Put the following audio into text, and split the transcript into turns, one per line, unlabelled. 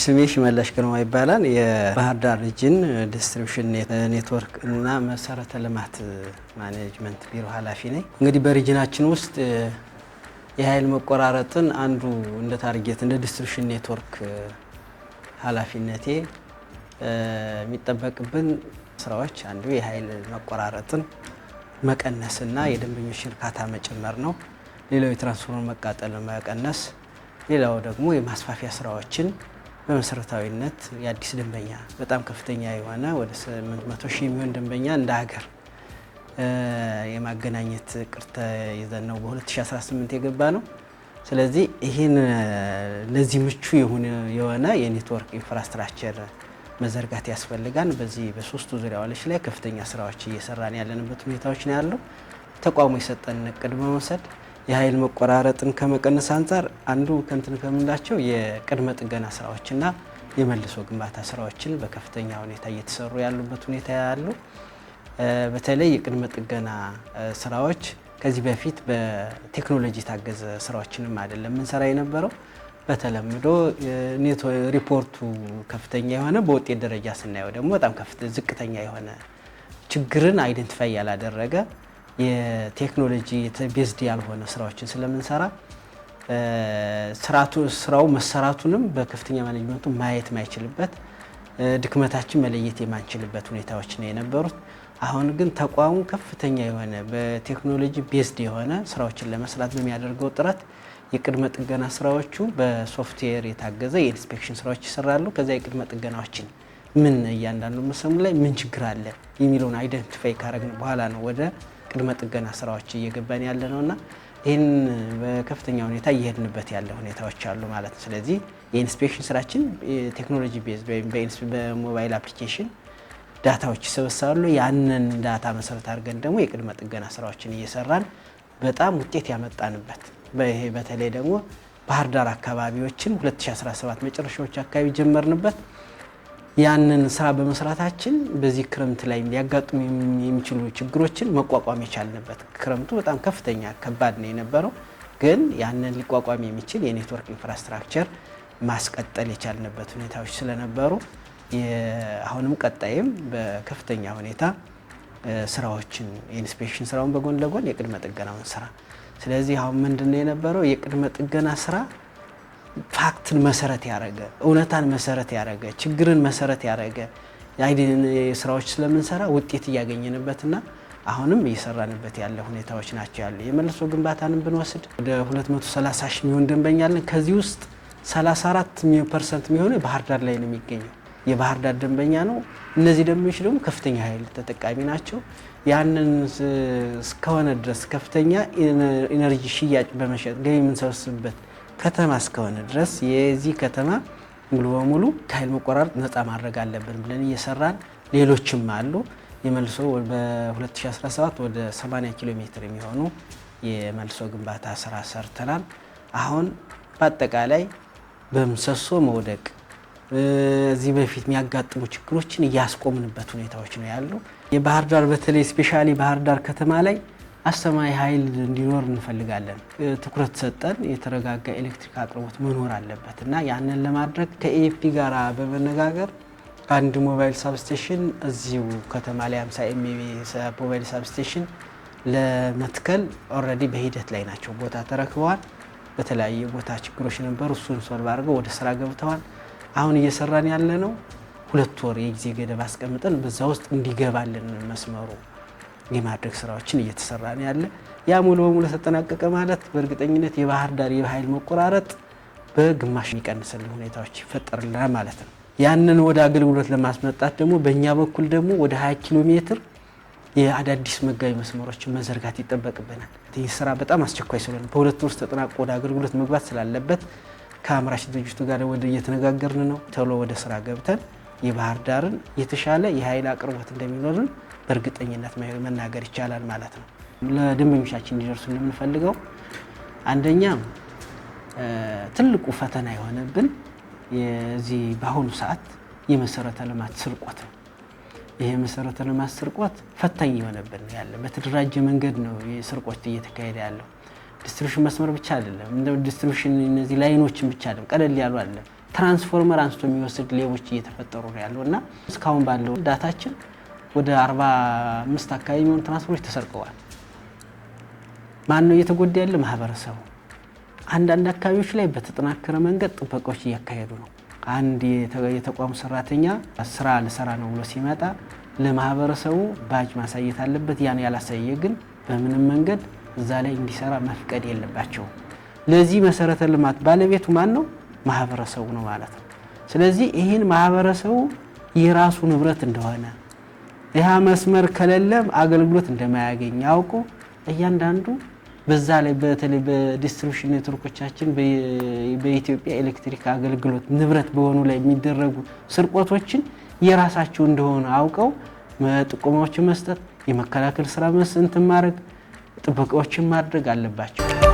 ስሜ ሽመለሽ ግርማ ይባላል። የባህር ዳር ሪጅን ዲስትሪቢሽን ኔትወርክ እና መሰረተ ልማት ማኔጅመንት ቢሮ ኃላፊ ነኝ። እንግዲህ በሪጅናችን ውስጥ የኃይል መቆራረጥን አንዱ እንደ ታርጌት እንደ ዲስትሪቢሽን ኔትወርክ ኃላፊነቴ የሚጠበቅብን ስራዎች አንዱ የኃይል መቆራረጥን መቀነስና የደንበኞች እርካታ መጨመር ነው። ሌላው የትራንስፎርመር መቃጠል መቀነስ፣ ሌላው ደግሞ የማስፋፊያ ስራዎችን በመሰረታዊነት የአዲስ ደንበኛ በጣም ከፍተኛ የሆነ ወደ 800 ሺህ የሚሆን ደንበኛ እንደ ሀገር የማገናኘት ቅርተ ይዘን ነው በ2018 የገባ ነው። ስለዚህ ይህን ለዚህ ምቹ የሆነ የኔትወርክ ኢንፍራስትራክቸር መዘርጋት ያስፈልጋል። በዚህ በሶስቱ ዙሪያ ዋለች ላይ ከፍተኛ ስራዎች እየሰራን ያለንበት ሁኔታዎች ነው ያለው። ተቋሙ የሰጠን እቅድ በመውሰድ የኃይል መቆራረጥን ከመቀነስ አንጻር አንዱ ከንትን ከምንላቸው የቅድመ ጥገና ስራዎችና የመልሶ ግንባታ ስራዎችን በከፍተኛ ሁኔታ እየተሰሩ ያሉበት ሁኔታ ያሉ። በተለይ የቅድመ ጥገና ስራዎች ከዚህ በፊት በቴክኖሎጂ የታገዘ ስራዎችንም አይደለም ምንሰራ የነበረው በተለምዶ ኔቶ ሪፖርቱ ከፍተኛ የሆነ በውጤት ደረጃ ስናየው ደግሞ በጣም ዝቅተኛ የሆነ ችግርን አይደንቲፋይ ያላደረገ የቴክኖሎጂ ቤዝድ ያልሆነ ስራዎችን ስለምንሰራ ስርዓቱ ስራው መሰራቱንም በከፍተኛ ማኔጅመንቱ ማየት ማይችልበት ድክመታችን መለየት የማንችልበት ሁኔታዎች ነው የነበሩት። አሁን ግን ተቋሙ ከፍተኛ የሆነ በቴክኖሎጂ ቤዝድ የሆነ ስራዎችን ለመስራት በሚያደርገው ጥረት የቅድመ ጥገና ስራዎቹ በሶፍትዌር የታገዘ የኢንስፔክሽን ስራዎች ይሰራሉ። ከዚያ የቅድመ ጥገናዎችን ምን እያንዳንዱ መሰሙ ላይ ምን ችግር አለ የሚለውን አይደንቲፋይ ካረግን በኋላ ነው ወደ ቅድመ ጥገና ስራዎች እየገባን ያለ ነው እና ይህን በከፍተኛ ሁኔታ እየሄድንበት ያለ ሁኔታዎች አሉ ማለት ነው። ስለዚህ የኢንስፔክሽን ስራችን ቴክኖሎጂ ቤዝድ ወይም በሞባይል አፕሊኬሽን ዳታዎች ይሰበሰባሉ። ያንን ዳታ መሰረት አድርገን ደግሞ የቅድመ ጥገና ስራዎችን እየሰራን በጣም ውጤት ያመጣንበት ይሄ በተለይ ደግሞ ባህር ዳር አካባቢዎችን 2017 መጨረሻዎች አካባቢ ጀመርንበት። ያንን ስራ በመስራታችን በዚህ ክረምት ላይ ሊያጋጥሙ የሚችሉ ችግሮችን መቋቋም የቻልንበት ክረምቱ በጣም ከፍተኛ ከባድ ነው የነበረው፣ ግን ያንን ሊቋቋም የሚችል የኔትወርክ ኢንፍራስትራክቸር ማስቀጠል የቻልንበት ሁኔታዎች ስለነበሩ አሁንም ቀጣይም በከፍተኛ ሁኔታ ስራዎችን የኢንስፔክሽን ስራውን በጎን ለጎን የቅድመ ጥገናውን ስራ ስለዚህ አሁን ምንድን ነው የነበረው የቅድመ ጥገና ስራ ፋክትን መሰረት ያደረገ እውነታን መሰረት ያደረገ ችግርን መሰረት ያደረገ አይድን ስራዎች ስለምንሰራ ውጤት እያገኘንበትና አሁንም እየሰራንበት ያለ ሁኔታዎች ናቸው ያሉ። የመልሶ ግንባታንም ብንወስድ ወደ 230 ሺህ የሚሆን ከዚህ ውስጥ 34 ፐርሰንት የሚሆነ ባህር ዳር ላይ ነው የሚገኘው። የባህር ዳር ደንበኛ ነው። እነዚህ ደንበኞች ደግሞ ከፍተኛ ኃይል ተጠቃሚ ናቸው። ያንን እስከሆነ ድረስ ከፍተኛ ኢነርጂ ሽያጭ በመሸጥ ገቢ የምንሰበስብበት ከተማ እስከሆነ ድረስ የዚህ ከተማ ሙሉ በሙሉ ከኃይል መቆራረጥ ነፃ ማድረግ አለብን ብለን እየሰራን ሌሎችም አሉ። የመልሶ በ2017 ወደ 80 ኪሎ ሜትር የሚሆኑ የመልሶ ግንባታ ስራ ሰርተናል። አሁን በአጠቃላይ በምሰሶ መውደቅ እዚህ በፊት የሚያጋጥሙ ችግሮችን እያስቆምንበት ሁኔታዎች ነው ያሉ። የባህር ዳር በተለይ ስፔሻሊ ባህር ዳር ከተማ ላይ አስተማሪ ኃይል እንዲኖር እንፈልጋለን። ትኩረት ሰጠን የተረጋጋ ኤሌክትሪክ አቅርቦት መኖር አለበት እና ያንን ለማድረግ ከኤፒ ጋር በመነጋገር አንድ ሞባይል ሳብስቴሽን እዚሁ ከተማ ላይ 50 ኤምቢ ሞባይል ሳብስቴሽን ለመትከል ኦልሬዲ በሂደት ላይ ናቸው። ቦታ ተረክበዋል። በተለያየ ቦታ ችግሮች ነበር። እሱን ሶልቭ አድርገው ወደ ስራ ገብተዋል። አሁን እየሰራን ያለ ነው ሁለት ወር የጊዜ ገደብ አስቀምጠን በዛ ውስጥ እንዲገባልን መስመሩ የማድረግ ስራዎችን እየተሰራ ነው ያለ። ያ ሙሉ በሙሉ ተጠናቀቀ ማለት በእርግጠኝነት የባህር ዳር የኃይል መቆራረጥ በግማሽ የሚቀንስልን ሁኔታዎች ይፈጠርልናል ማለት ነው። ያንን ወደ አገልግሎት ለማስመጣት ደግሞ በእኛ በኩል ደግሞ ወደ 20 ኪሎ ሜትር የአዳዲስ መጋቢ መስመሮችን መዘርጋት ይጠበቅብናል። ይህ ስራ በጣም አስቸኳይ ስለሆነ በሁለት ወር ተጠናቆ ወደ አገልግሎት መግባት ስላለበት ከአምራች ድርጅቱ ጋር ወደ እየተነጋገርን ነው። ተብሎ ወደ ስራ ገብተን የባህር ዳርን የተሻለ የኃይል አቅርቦት እንደሚኖርን በእርግጠኝነት መናገር ይቻላል ማለት ነው። ለደንበኞቻችን እንዲደርሱ የምንፈልገው አንደኛ ትልቁ ፈተና የሆነብን የዚህ በአሁኑ ሰዓት የመሰረተ ልማት ስርቆት ነው። ይህ የመሰረተ ልማት ስርቆት ፈታኝ የሆነብን ነው ያለ በተደራጀ መንገድ ነው ስርቆት እየተካሄደ ያለው። ዲስትሪቢሽን መስመር ብቻ አይደለም፣ እንደ ዲስትሪቢሽን እነዚህ ላይኖችን ብቻ አይደለም፣ ቀለል ያሉ አለ ትራንስፎርመር አንስቶ የሚወስድ ሌቦች እየተፈጠሩ ነው ያለው እና እስካሁን ባለው ዳታችን ወደ 45 አካባቢ የሚሆኑ ትራንስፖርቶች ተሰርቀዋል። ማን ነው እየተጎዳ ያለ? ማህበረሰቡ። አንዳንድ አካባቢዎች ላይ በተጠናከረ መንገድ ጥበቃዎች እያካሄዱ ነው። አንድ የተቋሙ ሰራተኛ ስራ ልሰራ ነው ብሎ ሲመጣ ለማህበረሰቡ ባጅ ማሳየት አለበት። ያን ያላሳየ ግን በምንም መንገድ እዛ ላይ እንዲሰራ መፍቀድ የለባቸውም። ለዚህ መሰረተ ልማት ባለቤቱ ማን ነው? ማህበረሰቡ ነው ማለት ነው። ስለዚህ ይህን ማህበረሰቡ የራሱ ንብረት እንደሆነ ይህ መስመር ከሌለም አገልግሎት እንደማያገኝ አውቁ እያንዳንዱ በዛ ላይ በተለይ በዲስትሪቢሽን ኔትወርኮቻችን በኢትዮጵያ ኤሌክትሪክ አገልግሎት ንብረት በሆኑ ላይ የሚደረጉ ስርቆቶችን የራሳቸው እንደሆነ አውቀው ጥቆማዎችን መስጠት፣ የመከላከል ስራ መስ እንትን ማድረግ ጥበቃዎችን ማድረግ አለባቸው።